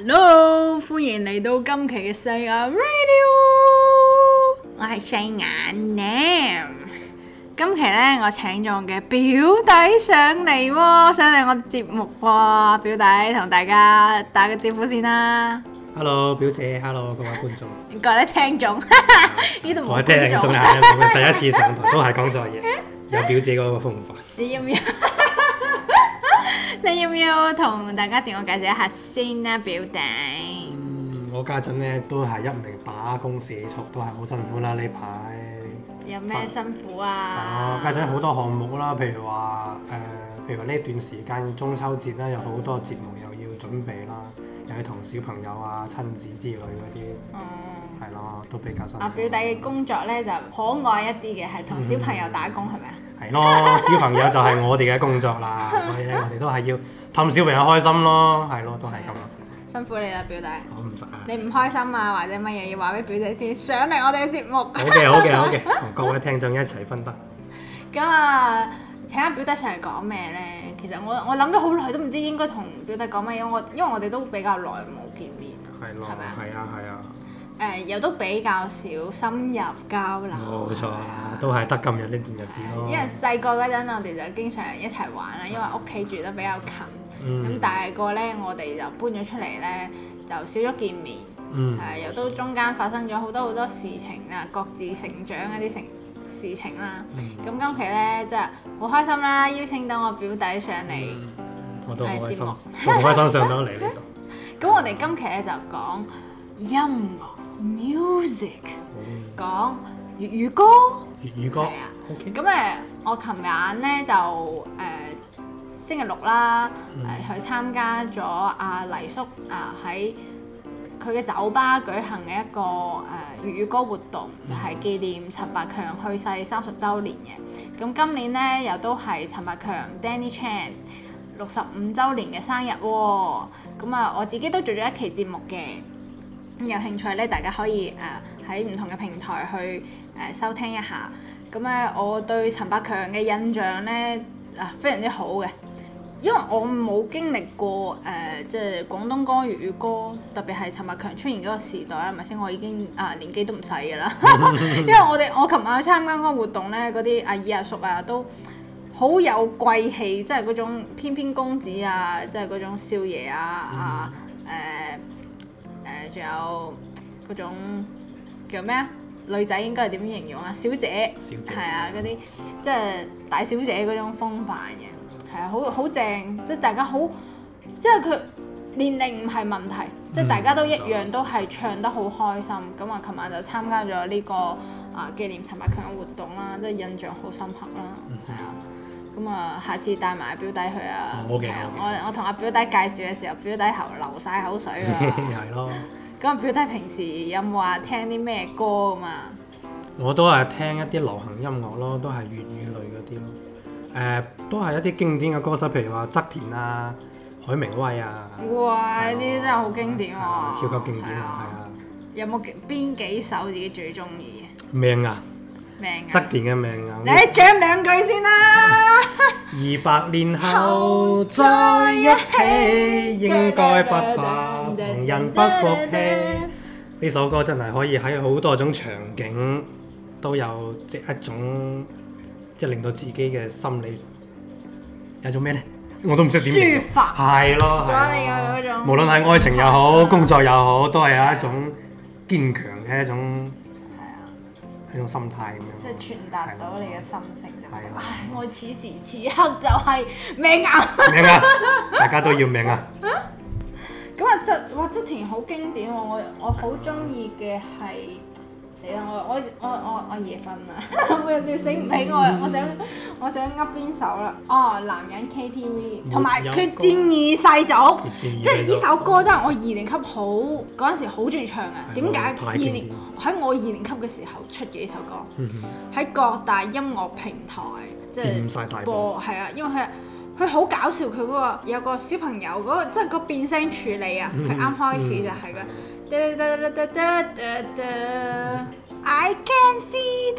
hello，歡迎嚟到今期嘅細眼 radio，我係細眼 Lam，今期咧我請咗我嘅表弟上嚟，上嚟我節目啩，表弟同大家打個招呼先啦。Hello，表姐，Hello 各位觀眾，各位、聽眾，呢度冇聽眾，第一次上台都係講錯嘢，有表姐嗰個風範，你要唔要？要唔要同大家自我介紹一下先啦，表弟？嗯，我家陣咧都係一名打工社畜，都係好辛苦啦呢排。有咩辛苦啊？我家陣好多項目啦，譬如話誒、呃，譬如話呢段時間中秋節啦，有好多節目又要準備啦，又要同小朋友啊、親子之類嗰啲。哦、嗯。係咯，都比較辛苦。阿、啊、表弟嘅工作咧就可愛一啲嘅，係同小朋友打工係咪啊？嗯係咯，小朋友就係我哋嘅工作啦， 所以咧我哋都係要氹小朋友開心咯，係咯，都係咁。辛苦你啦，表弟。我唔使、啊。你唔開心啊，或者乜嘢要話俾表弟知，上嚟我哋嘅節目。好嘅，好嘅，好嘅，同各位聽眾一齊分得。今日、 嗯、請阿表弟上嚟講咩呢？其實我我諗咗好耐，都唔知應該同表弟講乜嘢，我因為我哋都比較耐冇見面。係咯。係咪啊？係啊，係啊。頭誒、呃、又都比較少深入交流，冇錯啊，都係得今日呢段日子。因為細個嗰陣，我哋就經常一齊玩啦，嗯、因為屋企住得比較近。咁、嗯、大個咧，我哋就搬咗出嚟咧，就少咗見面。呃、嗯。又都中間發生咗好多好多事情啊，各自成長嗰啲成事情啦。咁、嗯、今期咧冇錯，真係好開心啦！邀請到我表弟上嚟、嗯，我都好開心，好開心上到嚟呢度。咁 我哋今期咧就講音樂。Music，講粵語歌，粵語歌，咁 誒、啊 Okay.，我琴晚呢，就誒、呃、星期六啦，誒去、嗯呃、參加咗阿、啊、黎叔啊喺佢嘅酒吧舉行嘅一個誒粵語歌活動，就係、嗯、紀念陳百強去世三十週年嘅。咁今年呢，又都係陳百強 Danny Chan 六十五週年嘅生日喎、啊。咁啊，我自己都做咗一期節目嘅。有興趣咧，大家可以誒喺唔同嘅平台去誒、呃、收聽一下。咁、嗯、咧，我對陳百強嘅印象咧啊、呃、非常之好嘅，因為我冇經歷過誒即係廣東歌、粵語歌，特別係陳百強出現嗰個時代啊，咪先，我已經啊、呃、年紀都唔細嘅啦。 因為我哋我琴晚去參加嗰個活動咧，嗰啲阿二阿叔啊都好有貴氣，即係嗰種翩翩公子啊，即係嗰種少爺啊啊誒。呃嗯仲有嗰種叫咩啊？女仔應該係點形容啊？小姐，小姐，係啊，嗰啲即係大小姐嗰種風範嘅，係啊，好好正，即係大家好，即係佢年齡唔係問題，嗯、即係大家都一樣都係唱得好開心。咁啊、嗯，琴、嗯、晚就參加咗呢、呢個啊紀念陳百強嘅活動啦，即係印象好深刻啦，係、嗯、哼啊。咁啊，下次帶埋表弟去啊。我我同阿表弟介紹嘅時候，表弟口流晒口水啊。係咯。咁表弟平時有冇話聽啲咩歌啊？嘛，我都係聽一啲流行音樂咯，都係粵語類嗰啲咯。誒、呃，都係一啲經典嘅歌手，譬如話側田啊、海明威啊。哇！呢啲的真係好經典喎、啊嗯嗯。超級經典，啊。係啊。有冇邊幾首自己最中意嘅？命啊！側田嘅命硬、啊，命啊、你講兩句先啦。 二百年後再一起應該不怕，旁人不服。嘅呢 首歌真係可以喺好多種場景都有即一種，即係令到自己嘅心理有種咩呢？我都唔識點，抒、啊、咯，係啊。啊無論係愛情又好，工作又好，都係有一種堅強嘅一種。嗰種心態咁樣，即係傳達到你嘅心聲就係，對唉，我此時此刻就係命硬、啊。 命啊！大家都要命啊！咁啊，側哇，側田好經典，我我好中意嘅係死啦！我我我我我夜瞓啊！我又笑醒唔起我，我想。我想噏邊首啦？哦，男人 KTV，同埋佢《決戰二世祖》，即係呢首歌，真係我二年級好嗰陣時好中意唱嘅。點解二年喺我二年級嘅時候出嘅呢首歌？喺各大音樂平台即係、就是、播，係啊，因為佢佢好搞笑，佢嗰、那個有個小朋友嗰、那個，即、那、係個變聲處理啊，佢啱、嗯、哼開始就係嘅。I can see，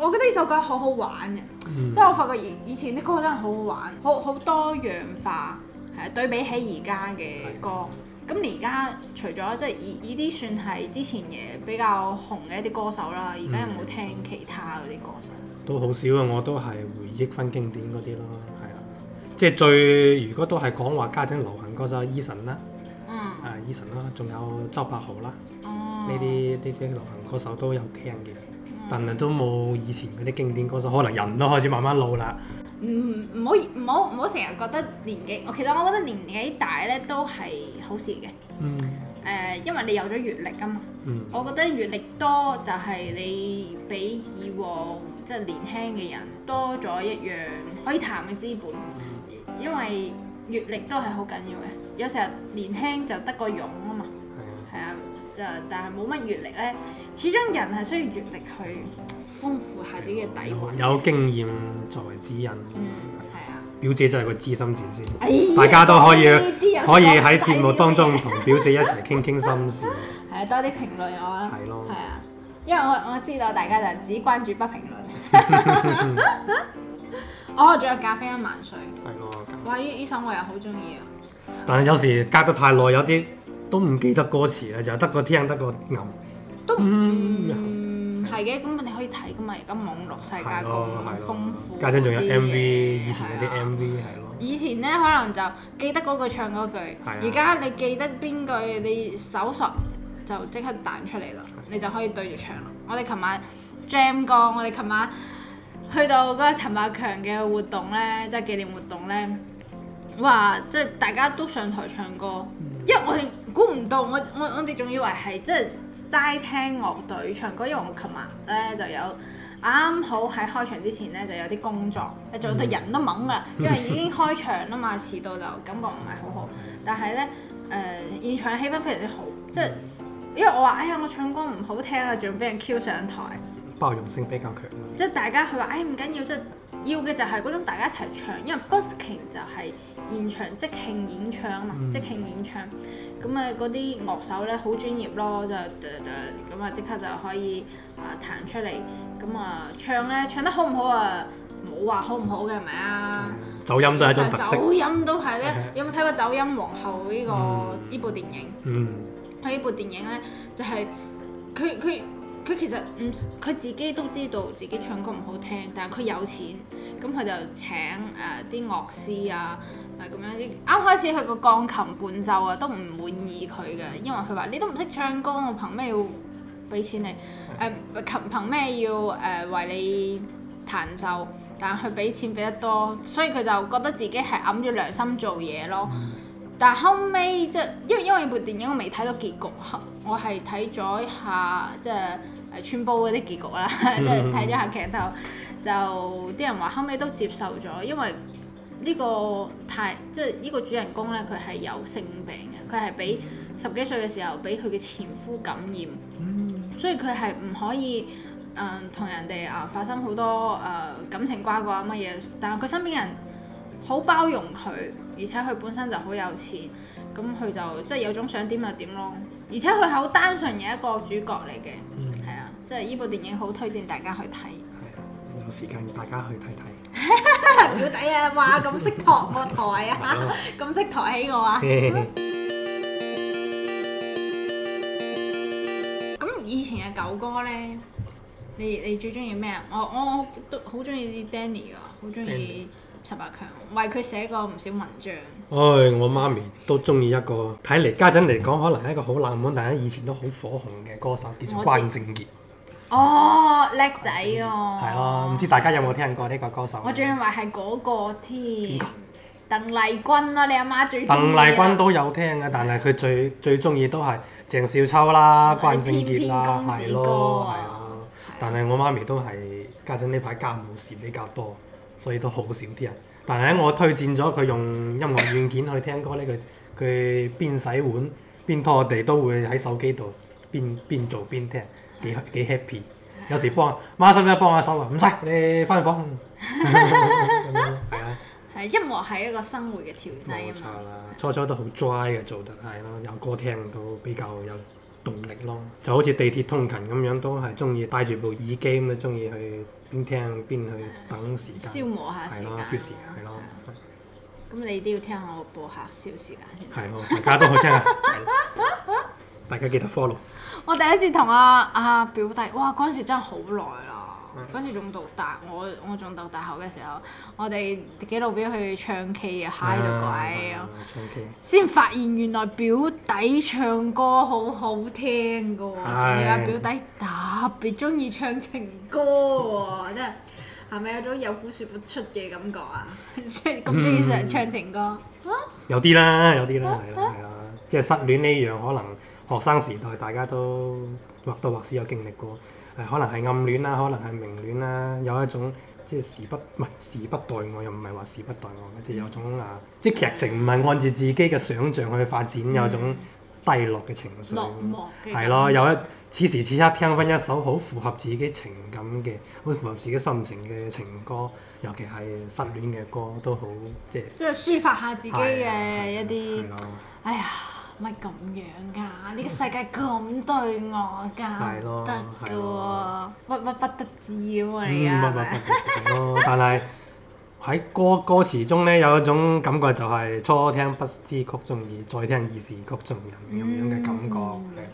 我覺得呢首歌好好玩嘅，即係、嗯、我發覺以以前啲歌真係好好玩，好好多樣化，係啊，對比起而家嘅歌。咁而家除咗即係依依啲算係之前嘅比較紅嘅一啲歌手啦，而家有冇聽其他嗰啲歌手、嗯嗯？都好少啊，我都係回憶返經典嗰啲咯，係啦、啊，即係最如果都係講話家陣流行歌手 Eason 啦，e、嗯，啊 Eason 啦，仲、e、有周柏豪啦。 呢啲呢啲流行歌手都有聽嘅，嗯、但係都冇以前嗰啲經典歌手，可能人都開始慢慢老啦。唔唔好唔好唔好成日覺得年紀，我其實我覺得年紀大咧都係好事嘅。嗯。誒、呃，因為你有咗閲歷㗎嘛。嗯。我覺得閲歷多就係你比以往即係、就是、年輕嘅人多咗一樣可以談嘅資本，嗯、因為閲歷都係好緊要嘅。有時候年輕就得個勇。但係冇乜閲歷呢，始終人係需要閲歷去豐富下自己嘅底藴，有經驗作為指引。嗯，係啊。表姐就係個知心姐姐，大家都可以可以喺節目當中同表姐一齊傾傾心事。係多啲評論我啦。係啊，因為我我知道大家就只關注不評論。我仲有咖啡因萬歲。係咯。哇！依首我又好中意啊。但係有時隔得太耐，有啲。都唔記得歌詞啦，就係得個聽，得個吟。都唔係嘅，咁你可以睇噶嘛？而家網絡世界咁豐富，家陣仲有 MV，以前嗰啲 MV 係咯。的的以前咧可能就記得嗰句唱嗰句，而家的你記得邊句，你搜索就即刻彈出嚟啦，的你就可以對住唱啦。我哋琴晚 Jam 歌。我哋琴晚去到嗰個陳百強嘅活動咧，即係紀念活動咧，話即係大家都上台唱歌，因為我哋。估唔到，我我我哋仲以為係即係齋聽樂隊唱歌，因為我琴日咧就有啱好喺開場之前咧就有啲工作，做到、嗯、人都懵啦，因為已經開場啦嘛，遲 到就感覺唔係好好。但係咧誒，現場氣氛非常之好，即係因為我話哎呀，我唱歌唔好聽啊，仲俾人 Q 上台，包容性比較強，即係大家佢話哎唔緊要，即係要嘅就係嗰種大家一齊唱，因為 busking 就係現場即興演唱啊嘛，即興演唱。咁啊，嗰啲、嗯、樂手咧好專業咯，就咁啊，即、嗯、刻就可以啊彈、呃、出嚟。咁、嗯、啊，唱咧唱得好唔好啊？冇話好唔好嘅，係咪啊？走音都係一種特色。走音都係咧， 有冇睇過《走音皇后、這個》呢個呢部電影？嗯。佢呢部電影咧，就係佢佢佢其實唔，佢自己都知道自己唱歌唔好聽，但係佢有錢，咁佢就請誒啲、呃、樂師啊。係咁樣啲，啱開始佢個鋼琴伴奏啊，都唔滿意佢嘅，因為佢話你都唔識唱歌，我憑咩要俾錢你？誒、mm hmm. 呃，琴憑咩要誒、呃、為你彈奏？但佢俾錢俾得多，所以佢就覺得自己係揞住良心做嘢咯。Mm hmm. 但後尾，即係，因為因為呢部電影我未睇到結局，我係睇咗一下即係穿煲嗰啲結局啦，mm hmm. 即係睇咗下劇透，就啲人話後尾都接受咗，因為。呢個太即係呢個主人公呢，佢係有性病嘅，佢係俾十幾歲嘅時候俾佢嘅前夫感染，嗯、所以佢係唔可以同、呃、人哋啊、呃、發生好多誒、呃、感情瓜葛乜嘢。但係佢身邊嘅人好包容佢，而且佢本身就好有錢，咁佢就即係有種想點就點咯。而且佢係好單純嘅一個主角嚟嘅，係啊、嗯，即係呢部電影好推薦大家去睇、嗯，有時間大家去睇睇。 表弟啊，哇！咁識托我台啊，咁識抬起我啊！咁以前嘅舊歌呢，你你最中意咩？我我都好中意啲 Danny 噶，好中意陳百強，為佢寫過唔少文章。唉、 哎，我媽咪都中意一個，睇嚟家陣嚟講可能係一個好冷門，但係以前都好火紅嘅歌手，叫做關正傑。哦，叻仔哦、啊！係咯，唔、啊、知大家有冇聽過呢個歌手？我仲以為係嗰個添，個鄧麗君咯、啊，你阿媽最？鄧麗君都有聽嘅，但係佢最最中意都係鄭少秋啦、是關正傑啦，係咯，係啊。啊啊但係我媽咪都係家陣呢排家務事比較多，所以都好少啲人。但係喺我推薦咗佢用音樂軟件去聽歌咧，佢佢邊洗碗邊拖地都會喺手機度邊邊，邊做邊聽。幾幾 happy，的有時幫媽心咧幫下手啊，唔使你翻房，係 啊。係 音樂係一個生活嘅調劑冇錯啦，初初都好 dry 嘅，做得係咯，有歌聽都比較有動力咯。就好似地鐵通勤咁樣，都係中意戴住部耳機咁樣，中意去邊聽邊去等時間消磨下時間，消時係咯。咁你都要聽下我播客消時間先的。係咯，大家都好聽啊。大家記得 follow。我第一次同阿阿表弟，哇！嗰陣時真係好耐啦，嗰陣時仲讀大，我我仲讀大學嘅時候的，時我哋幾老表去唱 K 啊嗨到鬼啊！唱、啊、K。先、啊、發現原來表弟唱歌好好聽嘅喎、啊啊，仲要阿表弟特別中意唱情歌喎、啊哎，真係係咪有種有苦説不出嘅感覺啊？即係咁中意唱情歌，有啲啦，有啲啦，係啊，即係失戀呢樣可能。學生時代大家都或多或少有經歷過，誒可能係暗戀啦，可能係、啊、明戀啦、啊，有一種即時不唔係時不待我，又唔係話時不待我，嗯、即有種啊，即劇情唔係按住自己嘅想像去發展，有種低落嘅情緒，係咯，有一此時此刻聽翻一首好符合自己情感嘅，好符合自己心情嘅情歌，尤其係失戀嘅歌都好，即即抒發下自己嘅一啲，哎呀～咪咁樣㗎？呢、這個世界咁對我㗎，得㗎喎，屈屈 不得志咁啊！唔咪咪咪屈屈不得志咯。但係喺歌歌詞中咧有一種感覺，就係初聽不知曲中意，再聽已是曲中人咁樣嘅感覺、嗯、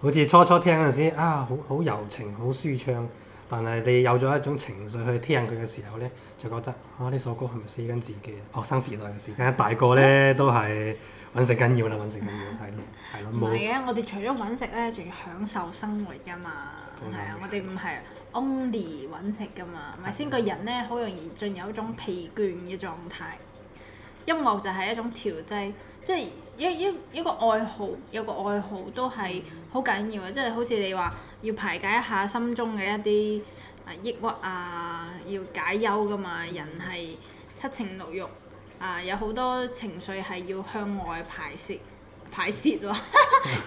好似初初聽嗰陣時啊，好好柔情，好舒暢。但係你有咗一種情緒去聽佢嘅時候咧，就覺得啊呢首歌係咪死緊自己？學、啊、生時代嘅時間，大個咧都係。揾食緊要啦，揾食緊要，係咯，係咯，冇。唔係啊，沒有 我哋除咗揾食咧，仲要享受生活噶嘛，係啊，啊我哋唔係 only 揾食噶嘛，咪先的個人咧，好容易進入一種疲倦嘅狀態。音樂就係一種調劑，即係一一一個愛好，有個愛好都係好緊要嘅，即係好似你話要排解一下心中嘅一啲抑鬱啊，要解憂噶嘛，人係七情六欲。啊！Uh, 有好多情緒係要向外排泄、排泄咯，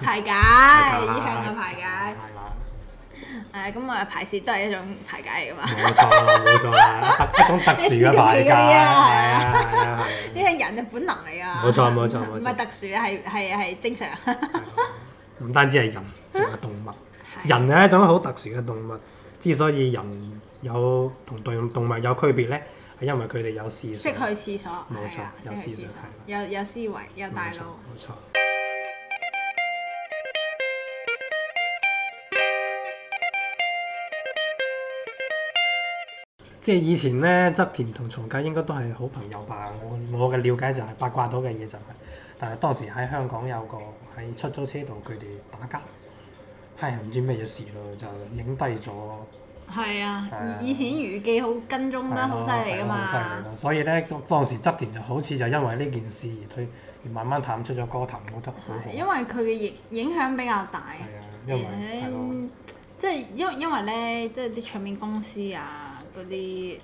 排解依向嘅排解。Uh, 排解。誒咁啊，排泄都係一種排解嚟噶嘛。冇錯冇錯，一種特殊嘅排解，係啊係啊。呢個人嘅本能嚟噶。冇錯冇錯冇錯。唔係特殊，係係係正常。唔單止係人，仲係動物。人係一種好特殊嘅動物。之所以人有同對動物、MC、有區別咧。係因為佢哋有思想，識去廁所，冇錯啊，有思想，有有思維，有大腦。冇錯，錯 即係以前呢，側田同曹格應該都係好朋友吧？我我嘅了解就係、是、八卦到嘅嘢就係、是，但係當時喺香港有個喺出租車度佢哋打架，係、哎、唔知咩嘢事咯，就影低咗。係啊，以以前預計好跟蹤得好犀利㗎嘛、啊啊，所以咧當時側田就好似就因為呢件事而推而慢慢淡出咗歌壇，覺得好、啊、因為佢嘅影影響比較大，而且即係因因為咧、嗯啊、即係啲唱片公司啊嗰啲誒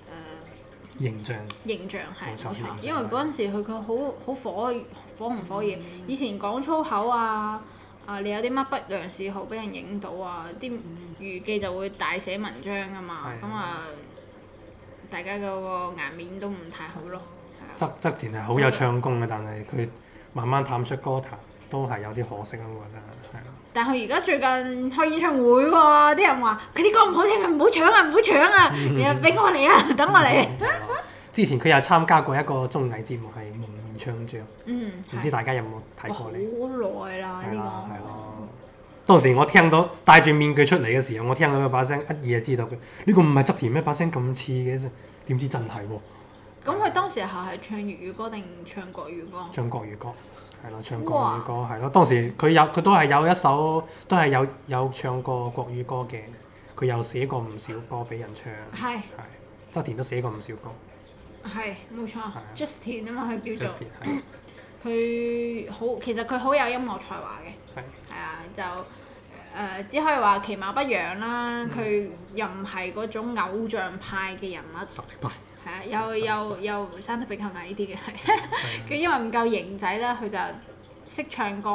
形象形象係冇、啊、錯，象因為嗰陣時佢佢好好火火紅火熱，嗯、以前講粗口啊。啊、你有啲乜不良嗜好俾人影到啊？啲娛記就會大寫文章噶嘛，咁啊的、嗯，大家嗰個顏面都唔太好咯。側、側田係好有唱功嘅，但係佢慢慢淡出歌壇都係有啲可惜啊。我覺得但係佢而家最近開演唱會喎，啲人話佢啲歌唔好聽，唔好搶啊，唔好搶啊，然後俾我嚟啊，等我嚟。 之前佢有參加過一個綜藝節目係。唱將，嗯、唔知大家有冇睇過呢？好耐啦呢個。係啦的，係咯。當時我聽到戴住面具出嚟嘅時候，我聽到佢把聲一嘢就知道佢。呢、這個唔係側田咩？把聲咁似嘅，點知真係喎？咁佢的當時係係唱粵語歌定唱國語歌，唱國語歌？唱國語歌，係咯哇，唱國語歌係咯。當時佢有佢都係有一首，都係有有唱過國語歌嘅。佢又寫過唔少歌俾人唱，係側田都寫過唔少歌。的的係，冇錯的，Justin 啊嘛，佢叫做，佢好， 其實佢好有音樂才華嘅，係的啊，就誒、呃、只可以話其貌不揚啦，佢、嗯、又唔係嗰種偶像派嘅人物，係啊，又又又，又生得比較矮啲嘅，佢的 因為唔夠型仔啦，佢就識唱歌，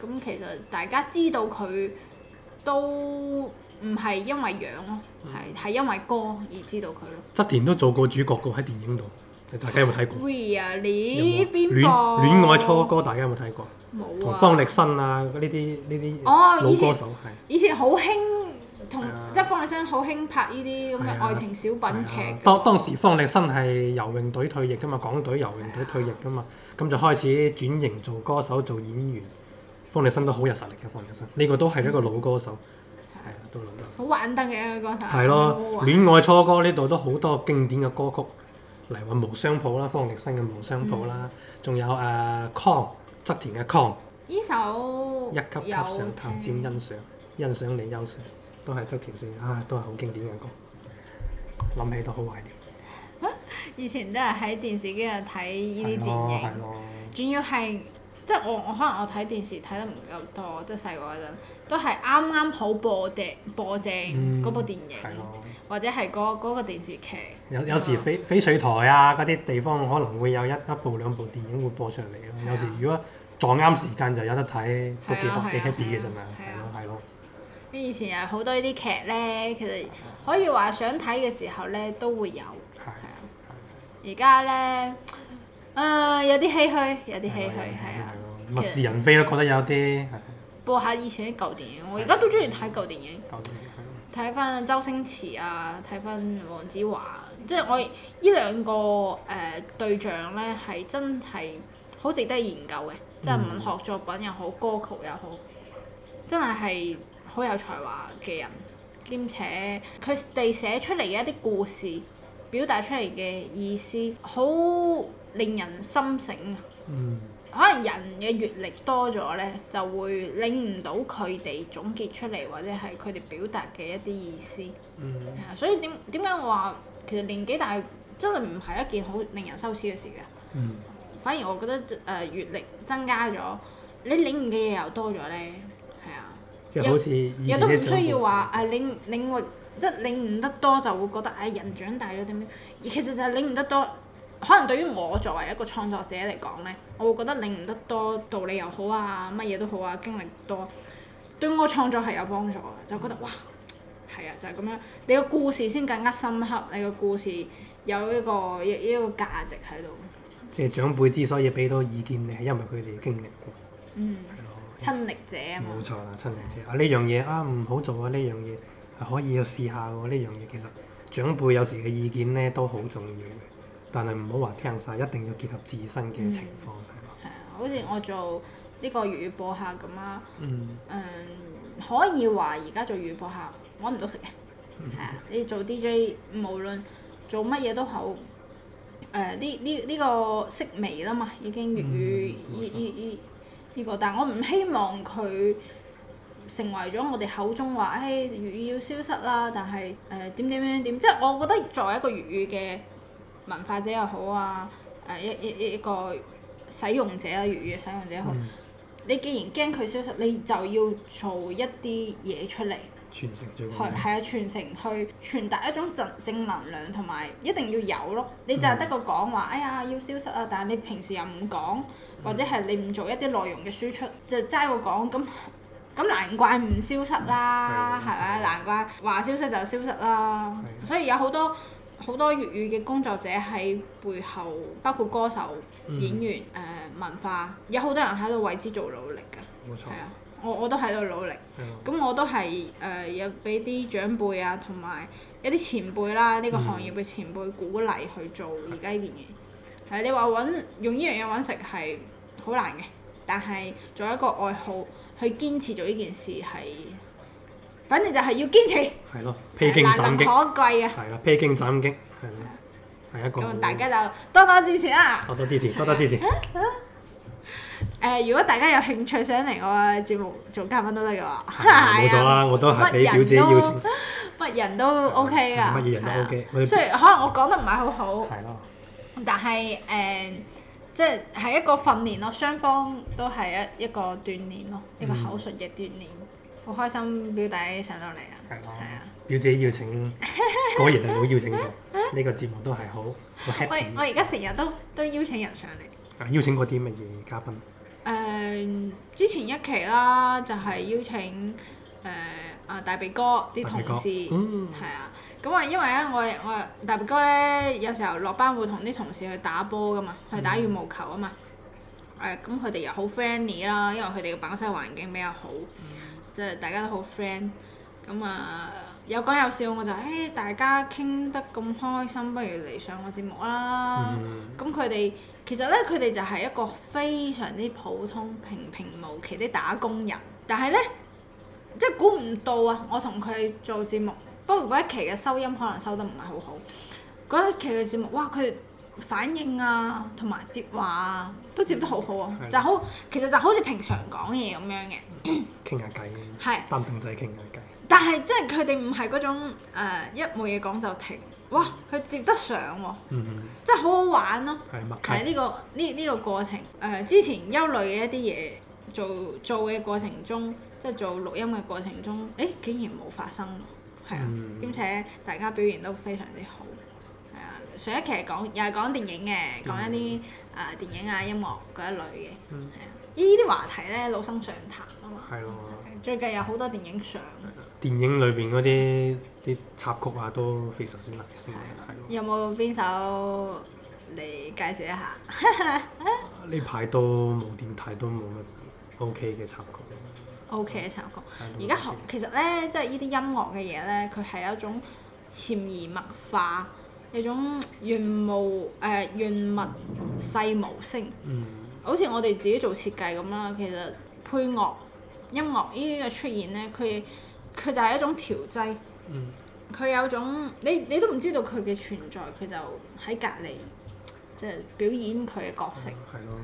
咁其實大家知道佢都。唔係因為樣咯，係係因為歌而知道佢咯。側田都做過主角嘅喺電影度，大家有冇睇過啊？呢邊個？戀愛初歌，大家有冇睇過？冇啊。同方力申啊，呢啲呢啲老歌手係。以前好興同，即係方力申好興拍呢啲咁嘅愛情小品劇。當當時方力申係游泳隊退役嘅嘛，港隊游泳隊退役嘅嘛，咁就開始轉型做歌手、做演員。方力申都好有實力嘅，方力申呢個都係一個老歌手。好玩得嘅嗰歌手，係咯，的戀愛初歌呢度都好多經典嘅歌曲嚟，無雙譜啦，方力申嘅無雙譜啦，仲、嗯、有誒 Con，側田嘅 Con，呢首一級級上頭尖欣賞，欣賞你優尚，都係側田先，啊，都係好經典嘅歌，諗起都好懷念。以前都係喺電視機度睇呢啲電影，係主要係。即係我我可能我睇電視睇得唔夠多，即係細個嗰陣都係啱啱好播播正嗰部電影，或者係嗰嗰個電視劇。有有時翡翡翠台啊嗰啲地方可能會有一一部兩部電影會播上嚟嘅，有時如果撞啱時間就有得睇，都幾好幾 happy 嘅啫嘛，係咯係咯。以前又好多呢啲劇咧，其實可以話想睇嘅時候咧都會有，係啊。而家咧，誒有啲唏噓，有啲唏噓，係啊。物是人非咯，覺得有啲。播下以前啲舊電影，我而家都中意睇舊電影。舊電影係咯。睇翻周星馳啊，睇翻黃子華，即係我依兩個誒、呃、對象呢，係真係好值得研究嘅，嗯、即係文學作品又好，歌曲又好，真係係好有才華嘅人，兼且佢哋寫出嚟嘅一啲故事，表達出嚟嘅意思，好令人心醒啊！嗯。可能人嘅閱歷多咗咧，就會領悟到佢哋總結出嚟，或者係佢哋表達嘅一啲意思。嗯哼。係啊，所以點點解我話其實年紀大真係唔係一件好令人羞恥嘅事嘅。嗯。反而我覺得誒閲歷增加咗，你領悟嘅嘢又多咗咧。係啊。即係好似以前嘅長輩。又都唔需要話誒、啊、領領悟，即係領悟得多就會覺得誒、哎、人長大咗點樣？而其實就係領悟得多。可能對於我作為一個創作者嚟講咧，我會覺得領悟得多道理又好啊，乜嘢都好啊，經歷多，對我創作係有幫助嘅，就覺得哇，係啊，就係咁樣，你個故事先更加深刻，你個故事有一個一一個價值喺度。即係長輩之所以俾到意見咧，係因為佢哋經歷過，嗯，親歷者啊嘛。冇錯啦，親歷者啊，呢樣嘢啊唔好做啊，呢樣嘢係可以去試下喎，呢樣嘢其實長輩有時嘅意見咧都好重要嘅。 但係唔好話聽晒，一定要結合自身嘅情況，係、嗯、嗎？啊，好似我做呢個粵語播客咁啦、啊，誒、嗯嗯、可以話而家做粵語播客揾唔到食嘅，係、嗯、啊！你做 DJ 無論做乜嘢都好，誒呢呢呢個式微啦嘛，已經粵語呢依依依個，但係我唔希望佢成為咗我哋口中話誒粵語要消失啦，但係誒點點點點點，即係我覺得作為一個粵語嘅。文化者又好啊，誒一一一一個使用者啊，粵語使用者好。嗯、你既然驚佢消失，你就要做一啲嘢出嚟，傳承咗。係啊，傳承去傳達一種正正能量，同埋一定要有咯。你就係得個講話，哎呀要消失啊！但係你平時又唔講，或者係你唔做一啲內容嘅輸出，嗯、就齋個講咁，咁難怪唔消失啦，係咪、嗯？吧的難怪話消失就消失啦。的所以有好多。好多粵語嘅工作者喺背後，包括歌手、演員、誒、嗯呃、文化，有好多人喺度為之做努力㗎。冇錯，係啊，我我都喺度努力。咁、嗯、我都係誒、呃、有俾啲長輩啊，同埋一啲前輩啦，呢、呢個行業嘅前輩鼓勵去做而家呢件嘢。係、嗯啊、你話揾用呢樣嘢揾食係好難嘅，但係做一個愛好去堅持做呢件事係。反正就係要堅持。係咯，披荊斬棘可貴嘅。係啦，披荊斬棘，係啦，係一個。咁大家就多多支持啦！多多支持，多多支持。誒，如果大家有興趣想嚟我節目做嘉賓都得嘅喎。係啊，冇錯啦，我都係。畀表姐邀請乜人都 OK 㗎。乜嘢人都 OK。雖然可能我講得唔係好好，係咯。但係誒，即係係一個訓練咯，雙方都係一一個鍛鍊咯，一個口述嘅鍛鍊。好開心，表弟上到嚟啊！係啊的，的表姐邀請，果然係好邀請到呢 個節目都係好。喂，我而家成日都都邀請人上嚟。啊，邀請過啲乜嘢嘉賓？誒、呃，之前一期啦，就係、是、邀請誒啊、呃、大鼻哥啲同事，係啊。咁啊的、嗯，因為咧，我我大鼻哥咧，有時候落班會同啲同事去打波㗎嘛，去打羽毛球啊嘛。誒、嗯，咁佢哋又好 friendly 啦，因為佢哋嘅辦公室環境比較好。嗯即係大家都好 friend，咁啊有講有笑，我就誒大家傾得咁開心，不如嚟上我節目啦。咁佢哋其實咧，佢哋就係一個非常之普通、平平無奇啲打工人，但係咧即係估唔到啊！我同佢做節目，不過嗰一期嘅收音可能收得唔係好好。嗰一期嘅節目，哇！佢反應啊，同埋接話啊，都接得好好啊，就好其實就好似平常講嘢咁樣嘅。傾下偈，係男同志傾下偈， 是但係即係佢哋唔係嗰種、呃、一冇嘢講就停，哇佢接得上喎、哦，即係、嗯、哼好好玩咯、哦，係呢、呃呢個呢呢、呢個過程誒、呃、之前憂慮嘅一啲嘢做做嘅過程中，即係做錄音嘅過程中，誒、欸、竟然冇發生，係啊，兼、嗯、且大家表現都非常之好，係啊，上一期係講又係講電影嘅，講一啲誒、嗯呃、電影啊音樂嗰一類嘅，係啊，呢啲話題咧老生常談。係咯 最近有好多電影上 ，電影裏邊嗰啲啲插曲啊都非常之靚聲。有冇邊首嚟介紹一下？呢 排都冇點睇，電都冇乜 O K 嘅插曲。O K 嘅插曲，而家學其實呢，即係呢啲音樂嘅嘢呢，佢係一種潛移默化，一種潤物誒潤、啊、物細無聲。好似、嗯、我哋自己做設計咁啦，其實配樂。音樂呢啲嘅出現呢，佢佢就係一種調劑，佢有種你你都唔知道佢嘅存在，佢就喺隔離，即係表演佢嘅角色。係咯，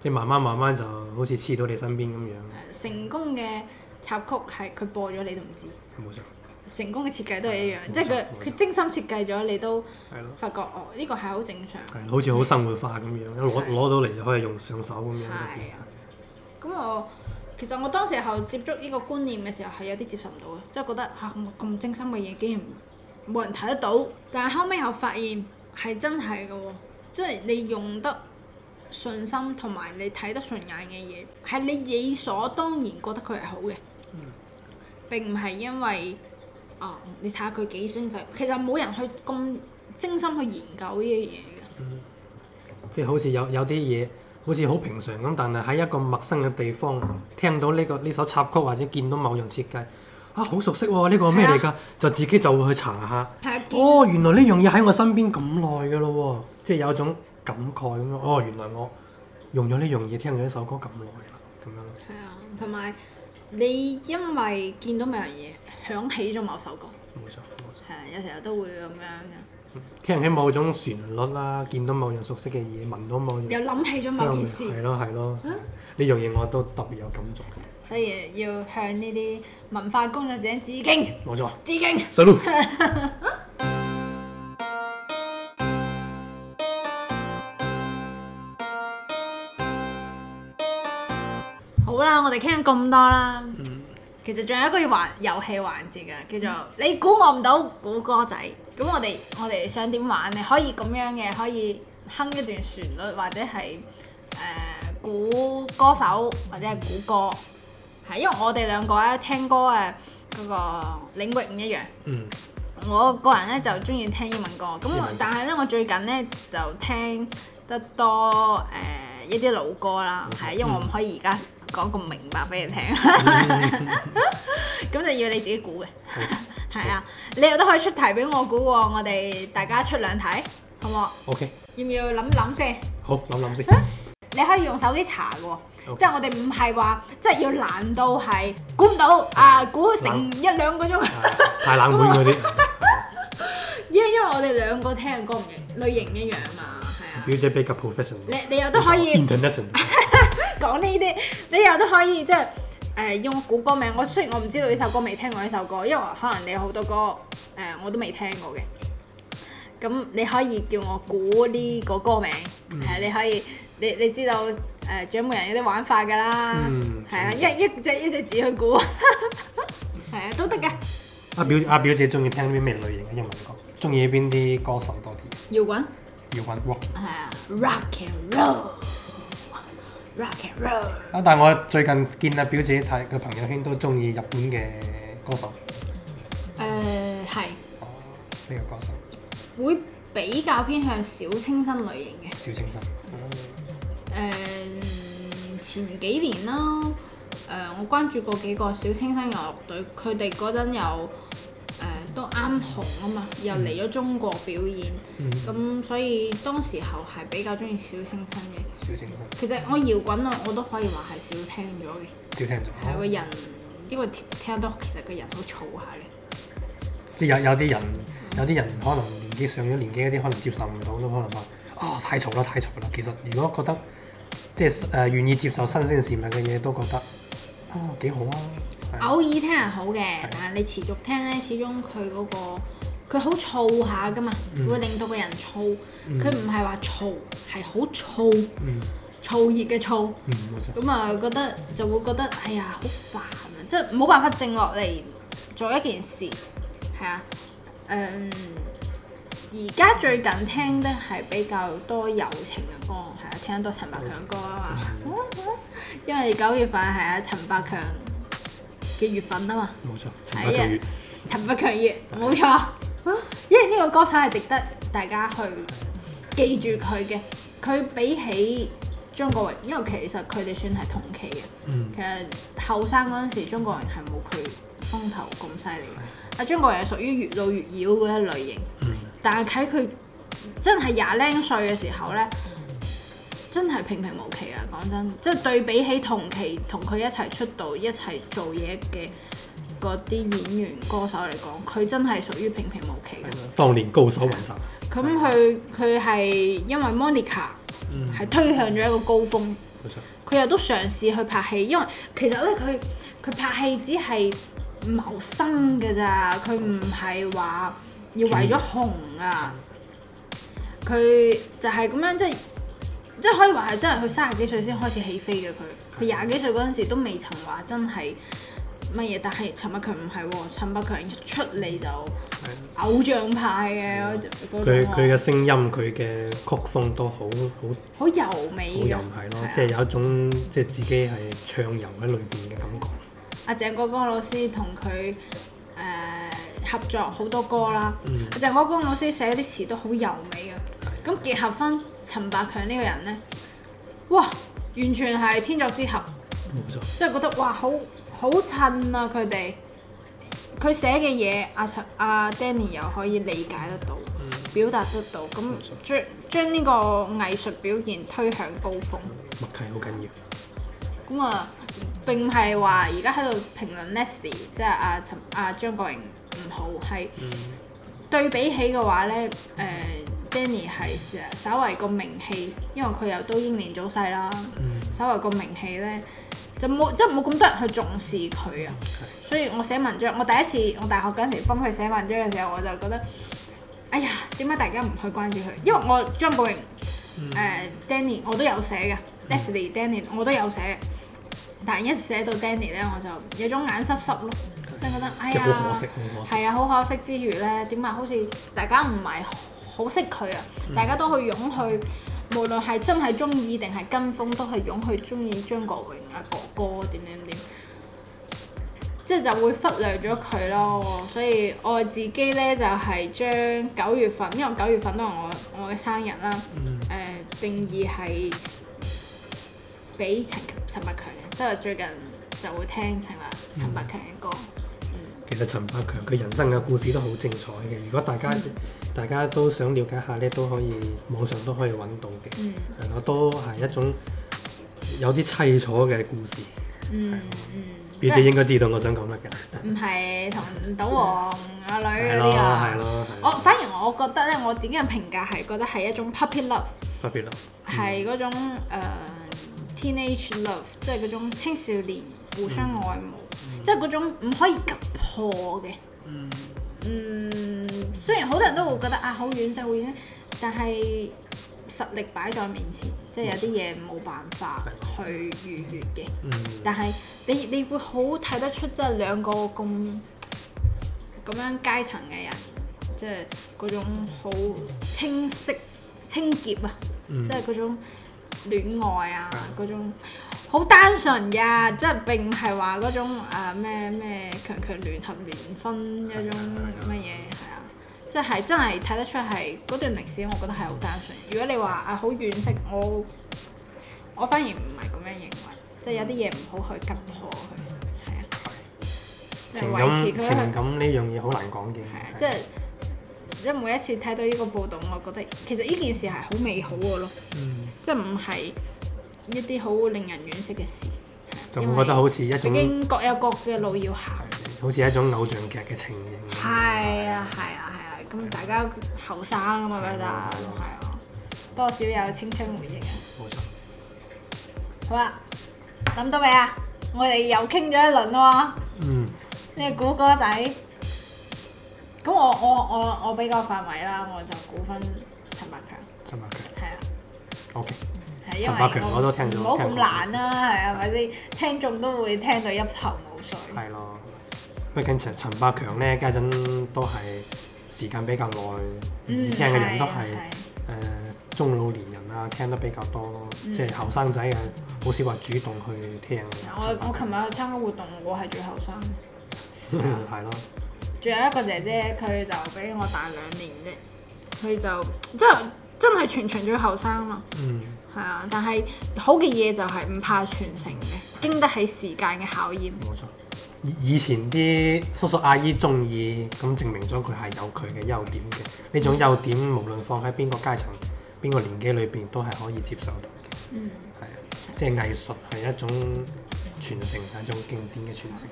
即係慢慢慢慢就好似黐到你身邊咁樣。成功嘅插曲係佢播咗你都唔知，冇錯。成功嘅設計都係一樣，即係佢佢精心設計咗你都發覺哦，呢個係好正常。好似好生活化咁樣，攞攞到嚟就可以用上手咁樣。咁我。其實我當時候接觸呢個觀念嘅時候係有啲接受唔到嘅，即係覺得嚇咁咁精心嘅嘢竟然冇人睇得到，但係後尾又發現係真係嘅喎，即係你用得順心同埋你睇得順眼嘅嘢，係你理所當然覺得佢係好嘅，嗯、並唔係因為、啊、你睇下佢幾精細，其實冇人去咁精心去研究呢啲嘢嘅。嗯，即係好似有有啲嘢。好似好平常咁，但係喺一個陌生嘅地方聽到呢個呢首插曲，或者見到某樣設計，啊，好熟悉喎！呢個咩嚟㗎？係啊。就自己就會去查下。係啊。哦，原來呢樣嘢喺我身邊咁耐㗎咯喎！即係有一種感慨咁樣。哦，原來我用咗呢樣嘢聽咗呢首歌咁耐啦，咁樣咯。係啊，同埋你因為見到某樣嘢，響起咗某首歌。冇錯，冇錯。係啊，有時候都會咁樣嘅。聽起某種旋律啦，見到某樣熟悉嘅嘢，聞到某樣，又諗起咗某件事，係咯係咯，呢樣嘢我都特別有感觸嘅。所以要向呢啲文化工作者致敬，冇錯，致敬，細路。好啦，我哋傾咁多啦，其實仲有一個環遊戲環節嘅，叫做你估我唔到估歌仔。咁我哋我哋想點玩咧？可以咁樣嘅，可以哼一段旋律，或者係誒、呃、估歌手，或者係估歌，係因為我哋兩個咧聽歌誒嗰、那個領域唔一樣。嗯。我個人呢就鍾意聽英文歌，咁但係呢，我最近呢就聽得多誒、呃、一啲老歌啦，係、嗯、因為我唔可以而家，講咁明白俾你聽，咁 就要你自己估嘅，係啊，你又都可以出題俾我估喎，我哋大家出兩題，好唔好？O K，要唔要諗諗先？好，諗諗先。 你可以用手機查嘅，即係 Okay. 我哋唔係話，即係要難到係估唔到啊，估成一兩個鐘。嗯、 太冷門嗰啲，因 因為我哋兩個聽嘅歌類型一樣啊嘛，表姐比較 professional，你你又都可以。 講呢啲，你又都可以即係誒用估歌名。我雖然我唔知道呢首歌，未聽過呢首歌，因為可能你好多歌誒、呃、我都未聽過嘅。咁你可以叫我估呢個歌名，係、嗯呃、你可以你你知道誒 j a 人有啲玩法噶啦，係、嗯、啊、嗯、一一隻一隻字去估，係 啊都得嘅。阿表阿表姐中意、啊、聽啲咩類型嘅英文歌？中意邊啲歌手多啲？搖滾，搖滾係啊，rock and roll。啊！但係我最近見阿表姐睇個朋友圈都中意日本嘅歌手。誒係、呃。邊、哦這個歌手？會比較偏向小清新類型嘅。小清新。誒、嗯呃、前幾年啦，誒、呃、我關注過幾個小清新音樂隊，佢哋嗰陣有。誒、呃、都啱紅啊嘛，又嚟咗中國表演，咁、嗯、所以當時候係比較中意小清新嘅。小清新。其實我搖滾啊，我都可以話係少聽咗嘅。少聽咗。係個人，因為聽得多，其實個人好嘈下嘅。即係有有啲人，有啲人可能年紀上咗年紀嗰啲，可能接受唔到，都可能話，哦，太嘈啦，太嘈啦。其實如果覺得即係誒、呃、願意接受新鮮事物嘅嘢，都覺得哦，幾好啊。偶爾聽係好嘅，的但係你持續聽咧，始終佢嗰、那個佢好燥下噶嘛，嗯、會令到個人燥。佢唔係話燥，係好燥，燥、嗯、熱嘅燥。咁、嗯、啊，覺得就會覺得、嗯、哎呀好煩啊，即係冇辦法靜落嚟做一件事，係啊。誒、嗯，而家最近聽得係比較多友情嘅歌，係啊，聽得多陳百強歌啊嘛，因為九月份係啊陳百強。月份啊嘛，冇錯，陳百強月、哎、陳百強月冇 錯，因為呢個歌手係值得大家去 記住佢嘅。佢比起張國榮，因為其實佢哋算係同期嘅。 其實後生嗰陣時，張國榮係冇佢風頭咁犀利。阿張 國榮係屬於越老越妖嗰一類型， 但係喺佢真係廿零歲嘅時候呢。 真係平平無奇啊！講真，即係對比起同期同佢一齊出道、一齊做嘢嘅嗰啲演員、嗯、歌手嚟講，佢真係屬於平平無奇嘅。當年高手雲集。咁佢佢係因為 Monica 係、嗯、推向咗一個高峰。佢、嗯、又都嘗試去拍戲，因為其實咧，佢佢拍戲只係謀生㗎咋，佢唔係話要為咗紅啊。佢、嗯、就係咁樣即係。即係可以話係真係佢三十幾歲先開始起飛嘅佢。佢廿幾歲陣時都未曾話真係乜嘢，但係陳百強唔係陳陳百強一出嚟就偶像派嘅，佢佢嘅聲音、佢嘅曲風都好好，好柔美又唔係咯，即係的有一種即係、就是、自己係暢游喺裏邊嘅感覺。阿鄭國江老師同佢誒合作好多歌啦，阿鄭國江老師寫啲詞都好柔美嘅。咁結合翻陳百強呢個人呢，哇，完全係天作之合，冇錯，即係覺得哇，好好襯啊！佢哋佢寫嘅嘢，阿、啊、陳阿、啊、Danny 又可以理解得到，嗯、表達得到，咁錯將將呢個藝術表現推向高峰，默契好緊要。咁啊，並係話而家喺度評論 Leslie 即係阿、啊、陳阿、啊、張國榮唔好，係、嗯、對比起嘅話呢。誒、呃。Danny 係稍為個名氣，因為佢又都英年早逝啦。嗯、稍為個名氣咧，就冇即係冇咁多人去重視佢啊。嗯 okay. 所以我寫文章，我第一次我大學陣時幫佢寫文章嘅時候，我就覺得，哎呀，點解大家唔去關注佢？因為我張國榮、誒、嗯呃、Danny 我都有寫嘅、嗯、，Leslie Danny 我都有寫，但係一寫到 Danny 咧，我就有種眼濕濕，真係、嗯 okay. 覺得，哎呀，係啊，好，好可惜之餘咧，點解好似大家唔係？好識佢啊，大家都去擁佢，無論係真係中意定係跟風，都係擁佢，中意張國榮啊，哥哥點點點，即係就會忽略咗佢咯。所以我自己呢，就係將九月份，因為九月份都係我我嘅生日啦。誒、嗯呃，定義係俾陳陳百強嘅，即係最近就會聽陳百陳百強嘅歌。嗯嗯其實陳百強佢人生嘅故事都好精彩嘅，如果大家、嗯、大家都想了解下咧，都可以網上都可以揾到嘅。嗯，我都係一種有啲淒楚嘅故事。嗯吧嗯，表姐應該知道我想講乜嘅。唔係同賭王阿女嗰啲啊，係咯係咯。我反而我覺得咧，我自己嘅評價係覺得係一種 puppy love，puppy love，係嗰、嗯、種誒、uh, teenage love，即係嗰種青少年。互相愛慕，嗯、即係嗰種唔可以急破嘅。嗯、嗯，雖然好多人都會覺得啊好遠勢好遠，但係實力擺在面前，嗯、即係有啲嘢冇辦法去逾越嘅。嗯、但係你你會好睇得出，即係兩個咁咁樣階層嘅人，就是、即係嗰種好清晰、清潔啊，即係嗰種戀愛啊嗰、嗯、種。好單純嘅，即係並唔係話嗰種咩咩強強聯合聯婚一種乜嘢係啊，即係、就是、真係睇得出係嗰段歷史，我覺得係好單純。嗯、如果你話啊好惋惜，我我反而唔係咁樣認為，即係有啲嘢唔好去撳破佢，係啊。維持佢。情感情感呢樣嘢好難講嘅，係啊對，即係即每一次睇到呢個報道，我覺得其實呢件事係好美好嘅咯，即係唔係。嗯一啲好令人惋惜嘅事，就會覺得好似一種已經各有各嘅路要行，好似一種偶像劇嘅情形。係啊，係啊，係啊，咁大家後生啊嘛，覺得係啊，多少有青春回憶啊。冇錯。好啦，諗到未啊？我哋又傾咗一輪喎。嗯。你估古仔，咁我我我我俾個範圍啦，我就估分陳百強。陳百強。係啊。OK。陳百強我都聽咗，唔好咁難啦，係啊，係咪先？聽眾都會聽到一頭霧水。係咯，畢竟陳百強咧，家陣都係時間比較耐，聽嘅人都係誒中老年人啊，聽得比較多。即係後生仔嘅，好少話主動去聽。我我琴日去參加活動，我係最後生。係咯。仲有一個姐姐，佢就比我大兩年啫，佢就真真係全場最後生咯。Right、嗯。係啊、嗯，但係好嘅嘢就係唔怕傳承嘅，嗯、經得起時間嘅考驗。冇錯，以前啲叔叔阿姨中意咁，證明咗佢係有佢嘅優點嘅。呢種優點、嗯、無論放喺邊個階層、邊個年紀裏邊，都係可以接受到嘅。嗯，係啊，即、就、係、是、藝術係一種傳承，係一種經典嘅傳承，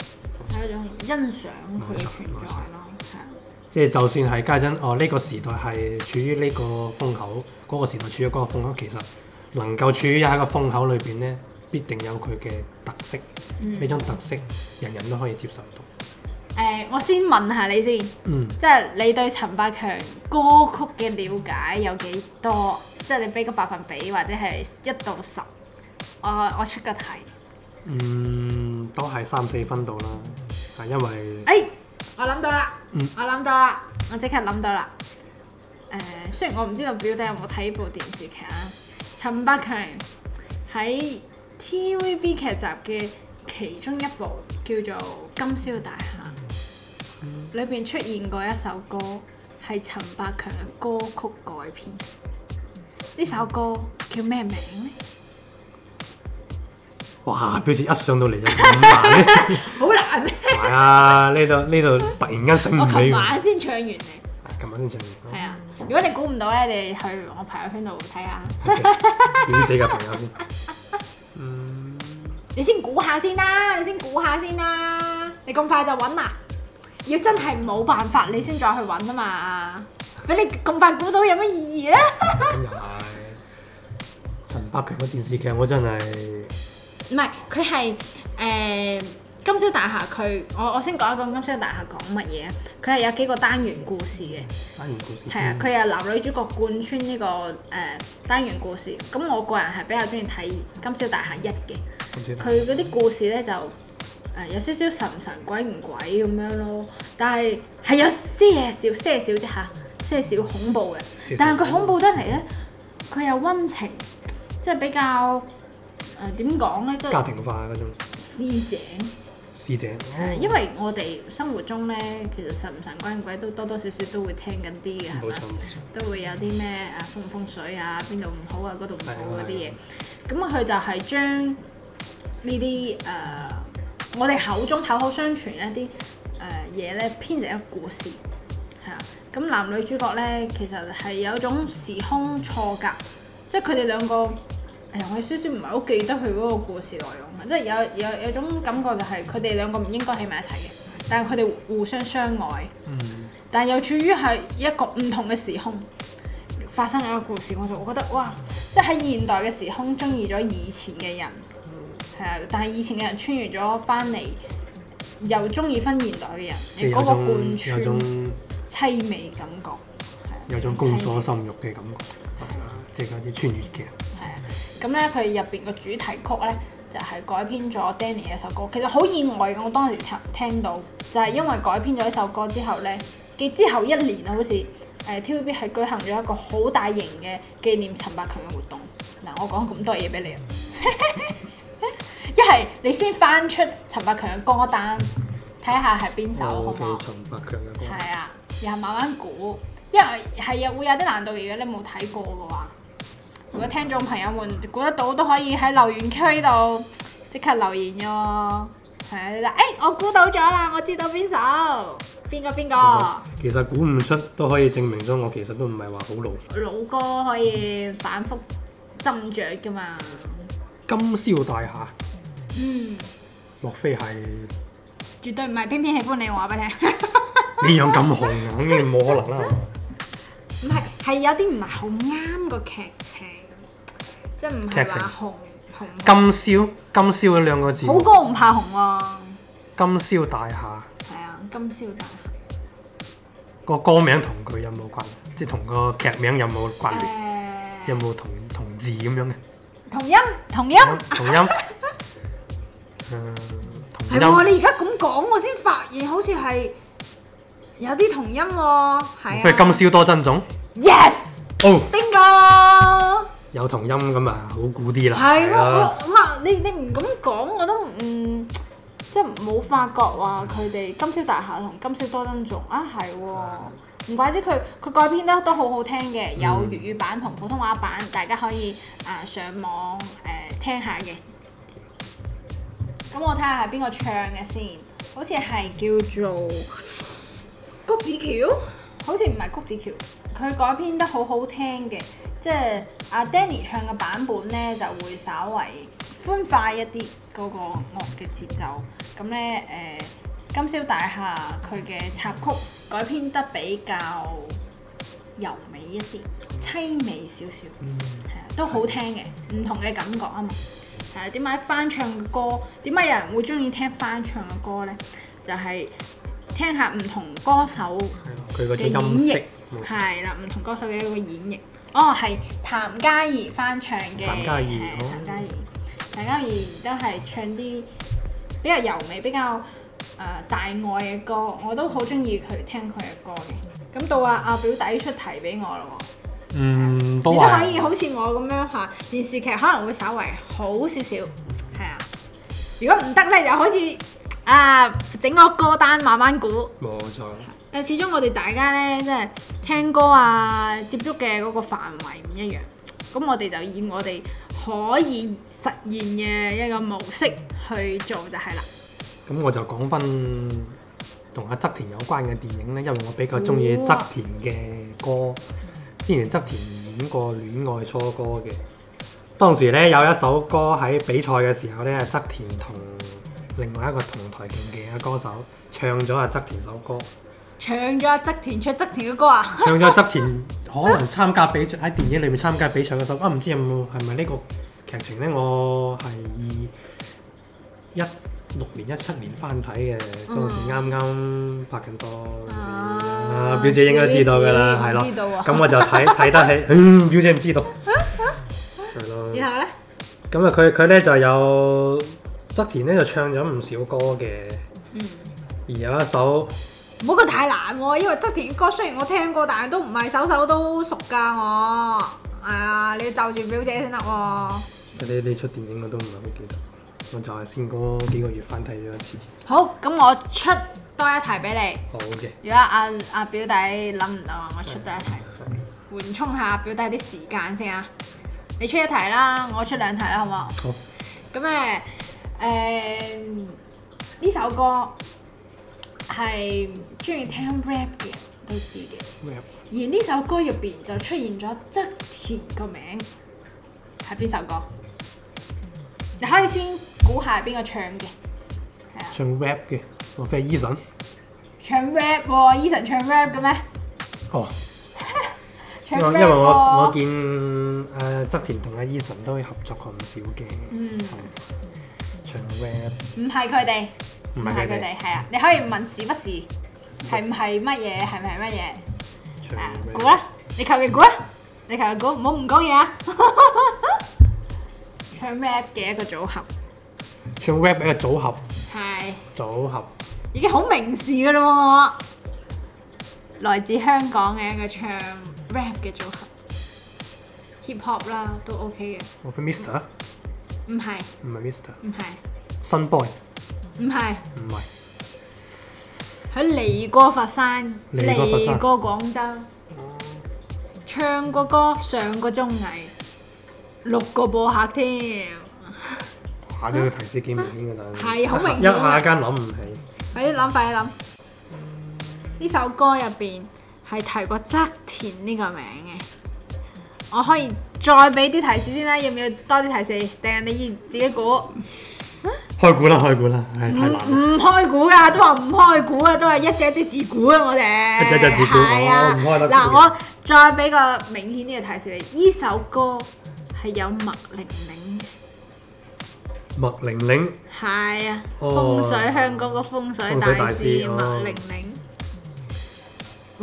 係、嗯、一種欣賞佢嘅存在咯。係啊，即係就算係家陣哦，呢、這個時代係處於呢個風口，嗰、那個時代處於嗰個風口，其實。能夠處於喺個風口裏邊呢，必定有佢嘅特色。呢、嗯、種特色，人人都可以接受到。誒、呃，我先問下你先，嗯、即係你對陳百強歌曲嘅了解有幾多？即係你俾個百分比或者係一到十，我我出個題。嗯，都係三四分度啦，係因為誒、哎，我諗到啦、嗯，我諗到啦，我即刻諗到啦。誒、呃，雖然我唔知道表弟有冇睇部電視劇啊。陳百強喺 TVB 劇集嘅其中一部叫做《金宵大廈》，裏邊出現過一首歌，係陳百強嘅歌曲改編。呢首歌叫咩名呢？哇！表弟一上到嚟就咁難咧，好難咧。係啊，呢度呢度突然間醒唔起。我琴晚先唱完咧。係，琴晚先唱完。係啊。如果你估唔到咧，你去我朋友圈度睇下，你死嘅朋友先。嗯，你先估下先啦，你先估下先啦。你咁快就揾喇？要真係冇辦法，你先再去揾啊嘛。俾你咁快估到有乜意義咧？咁又係。陳百強嘅電視劇我真係，唔係佢係誒。金宵大廈佢，我我先講一講金宵大廈講乜嘢。佢係有幾個單元故事嘅、啊這個呃。單元故事。係啊，佢係男女主角貫穿呢個誒單元故事。咁我個人係比較中意睇金宵大廈一嘅。佢嗰啲故事呢，就、呃、有少少神神鬼唔鬼咁樣咯。但係係有些少些少啲吓，些少恐怖嘅。少但係佢恐怖得嚟呢，佢又温情，即係比較誒點講咧？呃、呢家庭化嗰種。師姐。因為我哋生活中呢，其實神唔神怪唔怪、鬼唔鬼都多多少少都會聽緊啲嘅，係嘛？都會有啲咩啊風唔風水啊，邊度唔好啊，嗰度唔好嗰啲嘢。咁佢對對就係將呢啲誒，我哋口中口口相傳一啲誒嘢呢，編成一個故事，係啊。咁男女主角呢，其實係有一種時空錯隔，即係佢哋兩個。誒，我有少少唔係好記得佢嗰個故事內容啊，即係有有有種感覺就係佢哋兩個唔應該喺埋一齊嘅，但係佢哋互相相愛，嗯、但係又處於係一個唔同嘅時空發生一個故事，我就覺得哇！即係喺現代嘅時空中意咗以前嘅人，係啊、嗯，但係以前嘅人穿越咗翻嚟，又中意翻現代嘅人，嗰個貫穿淒種美感覺，有種宮鎖心玉嘅感覺，美嗯、即係嗰啲穿越劇。咁咧，佢入面個主題曲咧就係、是、改編咗 Danny 嘅一首歌，其實好意外嘅。我當時聽到就係、是、因為改編咗呢首歌之後咧，嘅之後一年啊，好、呃、似誒 TVB 係舉行咗一個好大型嘅紀念陳百強嘅活動。嗱，我講咁多嘢俾你，一 係你先翻出陳百強嘅歌單，睇下係邊首？好唔好，哦、陳百強嘅歌。係啊，然後慢慢估，因為係啊會有啲難度嘅，如果你冇睇過嘅話。如果聽眾朋友們估得到，都可以喺留言區度即刻留言嘅、哦、喎。係啊、哎，我估到咗啦，我知道邊首，邊個邊個？其實估唔出都可以證明咗，我其實都唔係話好老。老歌可以反覆斟酌㗎嘛。金宵大廈。嗯。莫非係。絕對唔係，偏偏喜歡你話俾你聽。邊 樣咁紅啊？肯定冇可能啦。唔係，係有啲唔係好啱個劇。即係唔係話紅紅？金宵金宵嗰兩個字。好歌唔怕紅喎。金宵大廈。係啊，金宵大廈。啊、大廈個歌名同佢有冇關？即係同個劇名有冇關聯？欸、有冇同同字咁樣嘅？同音同音同音。係喎、 uh, 啊，你而家咁講，我先發現好似係有啲同音喎。係、啊。即係今宵多珍重。Yes。哦。邊個？有同音咁啊，好古啲啦～係咯，我話你你唔咁講，我都唔、嗯、即係冇發覺話佢哋《金宵大廈》同《金宵多珍重》啊，係喎、啊。唔怪之佢佢改編得都好好聽嘅，有粵語版同普通話版，大家可以啊、呃、上網誒、呃、聽下嘅。咁我睇下係邊個唱嘅先？好似係叫做《菊梓喬》，好似唔係菊梓喬。佢改編得好好聽嘅。即係阿 Danny 唱嘅版本咧，就會稍微歡快一啲嗰個樂嘅節奏。咁咧誒，呃《金宵大廈》佢嘅插曲改編得比較柔美一啲，凄美少少，嗯，係都好聽嘅，唔同嘅感覺啊嘛。係點解翻唱歌，點解有人會中意聽翻唱嘅歌咧？就係聽下唔同歌手嘅演繹，係啦，唔同歌手嘅一個演繹。哦，係譚嘉儀翻唱嘅，譚嘉儀，是譚嘉儀，哦、譚嘉儀都係唱啲比較柔美、比較誒、呃、大愛嘅歌，我都好中意佢聽佢嘅歌嘅。咁到阿、啊、阿表弟出題俾我咯，嗯，啊、不你都可以好似我咁樣嚇，電視劇可能會稍為好少少，係啊。如果唔得咧，就可以啊，整個歌單慢慢估，冇錯。誒，始終我哋大家咧，即係聽歌啊，接觸嘅嗰個範圍唔一樣。咁、嗯、我哋就以我哋可以實現嘅一個模式去做就係啦。咁我就講返同阿側田有關嘅電影咧，因為我比較中意側田嘅歌。哇之前側田演過《戀愛初歌》嘅當時咧，有一首歌喺比賽嘅時候咧，側田同另外一個同台競技嘅歌手唱咗阿側田首歌。唱咗側田唱側田嘅歌啊！唱咗側田，可能參加比喺電影裏面參加比賽嘅時候，啊，唔知有冇係咪呢個劇情咧？我係二一六年一七年翻睇嘅，當時啱啱拍緊多，表姐應該知道嘅啦，係咯、啊。咁、啊、我就睇睇得起， 嗯，表姐唔知道，係咯。然後咧，咁啊，佢佢咧就有側田咧，就唱咗唔少歌嘅，嗯、而有一首。唔好講太難喎、啊，因為側田歌雖然我聽過，但係都唔係首首都熟㗎。我、哎、啊，你要就住表姐先得喎。你出電影我都唔係好記得，我就係先過幾個月翻睇咗一次。好，咁我出多一題俾你。好嘅的。如果阿阿表弟諗唔到啊，我出多一題，嗯、緩衝下表弟啲時間先啊。你出一題啦，我出兩題啦，好唔好？好。咁誒誒呢首歌？係中意聽 rap 嘅人都知嘅。Rap? 而呢首歌入邊就出現咗側田個名，係邊首歌？嗯、你可以先估下係邊個唱嘅。係、e、啊，Eason、唱 rap 嘅，我 friend Eason，哦、 唱 rap 喎，Eason 唱 rap 嘅咩？哦，唱，因為我我見誒側田同阿 Eason 都合作過唔少嘅。嗯，唱 rap，唔係佢哋！唔係佢哋，係啊！你可以問，是不是，係唔係乜嘢？係唔係乜嘢？啊，估啦！你求其估啦！你求其估，唔好唔講嘢啊！唱 rap 嘅一個組合，唱 rap 嘅組合係組合，已經好明示㗎喇喎！來自香港嘅一個唱 rap 嘅組合，hip hop 啦都 OK 嘅。我係 Mr.，唔係唔係 Mr.，唔係 Sun Boys。唔係，唔係，佢嚟過佛山，嚟過廣州，唱過歌，上過綜藝，六個播客添！哇！呢個提示幾明顯噶，真係，係好明顯，一下間諗唔起。快啲諗，快啲諗。呢首歌入邊係提過側田呢個名嘅，我可以再俾啲提示先啦。要唔要多啲提示？定係你要自己估？開估啦，開估啦！唔唔開估噶，都話唔開估啊，都係一隻一隻字估啊，我哋一隻隻字估啊，嗱，我再俾個明顯啲嘅提示你，呢首歌係有麥玲，麥玲玲嘅。麥玲玲係啊，風水香港個風水大師，哦、麥玲玲，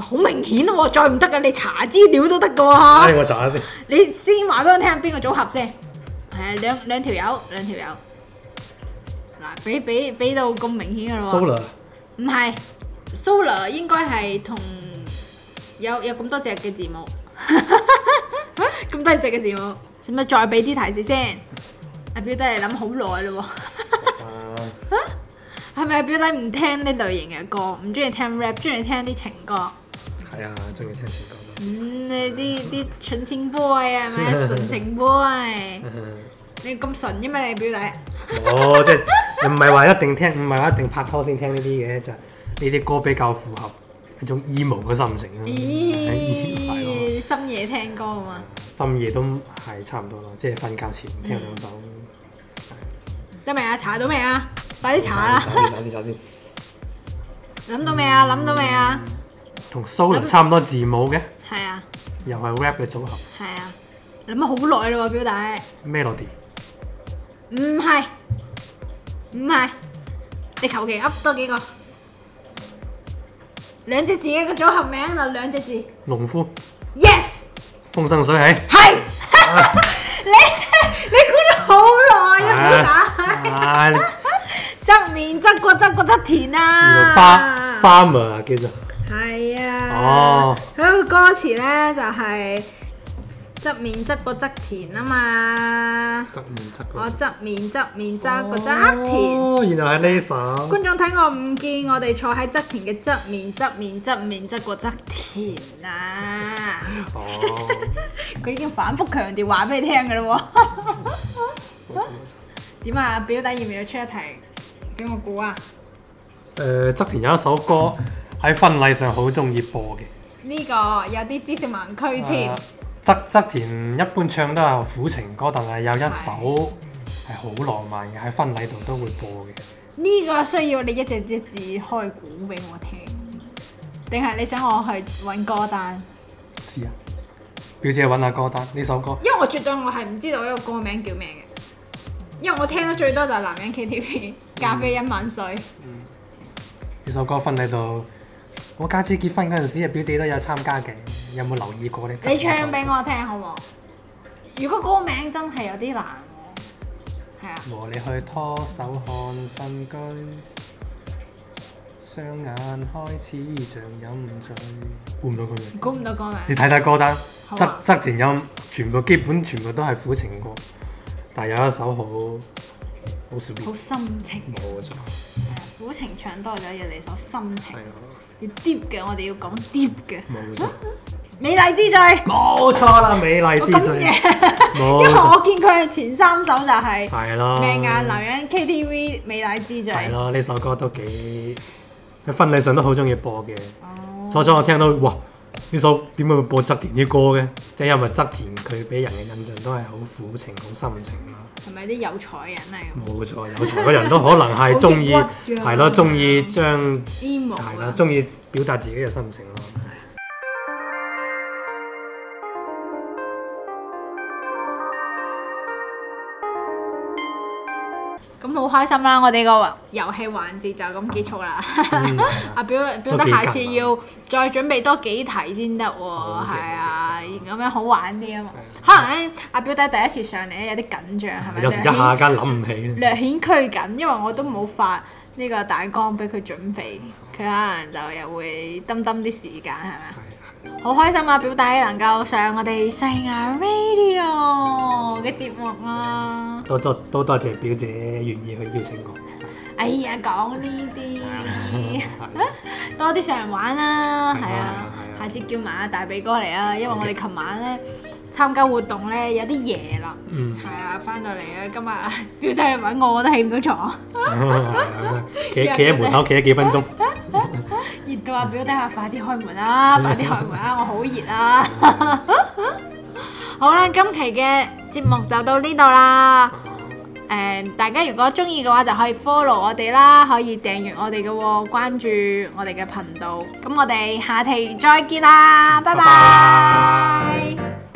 好明顯喎，再唔得嘅，你查資料都得嘅喎，我查下先，你先話俾我聽邊個組合先，係啊，兩兩條友，兩條友。嗱，俾俾俾到咁明顯嘅咯喎，solar？唔係，solar 應該係同有有咁多隻嘅字母，咁 多隻嘅字母，使唔使再俾啲提示先？阿表弟諗好耐咯喎，係咪阿表弟唔聽呢類型嘅歌？唔中意聽 rap，中意聽啲情歌。係啊，中意聽情歌。啊、情歌嗯，你啲啲純情 boy 啊，係咪？純情 boy？你咁純啫嘛，你表弟？哦，即係又唔係話一定聽，唔係話一定拍拖先聽呢啲嘅，就呢啲歌比較符合一種 emo 嘅心情啦。咦？深夜聽歌啊嘛？深夜都係差唔多咯，即係瞓覺前聽兩首。得未啊？查到未啊？快啲查啦！查先查先。諗到未啊？諗到未啊？同 solo 差唔多字母嘅。係啊。又係 rap 嘅組合。係啊。諗咗好耐咯喎，表弟。咩樂？唔係唔係，你求其噏多幾個，兩隻字一個組合名就兩隻字。農夫。Yes。風生水起。係。你你估咗好耐啊？係咪啊？哈哈哈哈哈。側面側個側個側田啊。Farm。Farmer 啊叫做。係啊。哦。佢個歌詞咧就係。側面側過側田啊嘛，側面側過，我側面側面側過側田，哦，原來係呢首。觀眾睇我唔見，我哋坐喺側田嘅側面，側，側面側面側過側田啊！哦，佢 已經反覆強調話俾你聽㗎咯喎。點 啊，表弟要唔要出一題，俾我估啊！誒、呃，側田有一首歌喺婚 禮上好中意播嘅，呢個有啲知識盲區添。啊啊側田一般唱都係苦情歌，但係有一首係好浪漫嘅，喺婚禮度都會播嘅。呢個需要你一隻隻字開估俾我聽，定係你想我去揾歌單？是啊，表姐揾下歌單呢首歌。因為我絕對我係唔知道一個歌名叫咩嘅，因為我聽得最多就係男人 KTV、咖啡一晚睡。呢、嗯嗯、首歌婚禮度。我家姐結婚嗰陣時，阿表姐都有參加嘅，有冇留意過咧？你唱俾我聽好冇？如果歌名真係有啲難嘅，係啊。啊和你去拖手看新居，雙眼開始像飲醉，估唔到歌名。估唔到歌名。你睇睇歌單，吧側側田音全部基本全部都係苦情歌，但係有一首好，好少。好心情。冇錯。苦情唱多咗，要嚟首心情。要 deep 嘅，我哋要講 deep 嘅。冇錯、啊，美麗之最。冇錯啦，美麗之最。這 錯因為我見佢係前三首就係。係咯。命硬、啊、男人 KTV、美麗之最。係咯，呢首歌都幾喺婚禮上都好中意播嘅。哦。所以我聽到。哇呢首點解會播側田啲歌嘅？即係因為側田佢俾人嘅印象都係好苦情、好深情咯。係咪啲有才嘅人嚟？冇錯，有才嘅人都可能係中意，係咯 骨，中意將係咯，中意、嗯、表達自己嘅心情咯。咁好開心啦，啊！我哋個遊戲環節就咁結束啦。嗯、 阿表表弟下次要再準備多幾題先得喎，係啊，咁樣好玩啲啊嘛。對可能咧，阿表弟第一次上嚟咧有啲緊張，係咪對？吧有時一下間諗唔起。略顯拘謹，因為我都冇發呢個彈光俾佢準備，佢對可能就又會掹掹啲時間，係咪？好開心啊，表弟能夠上我哋細眼 radio 嘅節目啊！多多多謝表姐願意去邀請我。哎呀，講呢啲， 多啲上嚟玩啦，係啊，下次叫埋阿大鼻哥嚟啊，因為我哋琴晚咧。Okay. 參加活動咧，有啲夜啦，嗯，係啊，翻到嚟啊，今日表弟嚟揾我，我都起唔到牀，企喺企喺門口企咗幾分鐘，熱到啊！表弟啊，快啲開門啊，快啲開門啊，我好熱啊！好啦，今期嘅節目就到呢度啦。誒，大家如果中意嘅話，就可以 follow 我哋啦，可以訂閱我哋嘅，關注我哋嘅頻道。咁我哋下期再見啦，拜拜。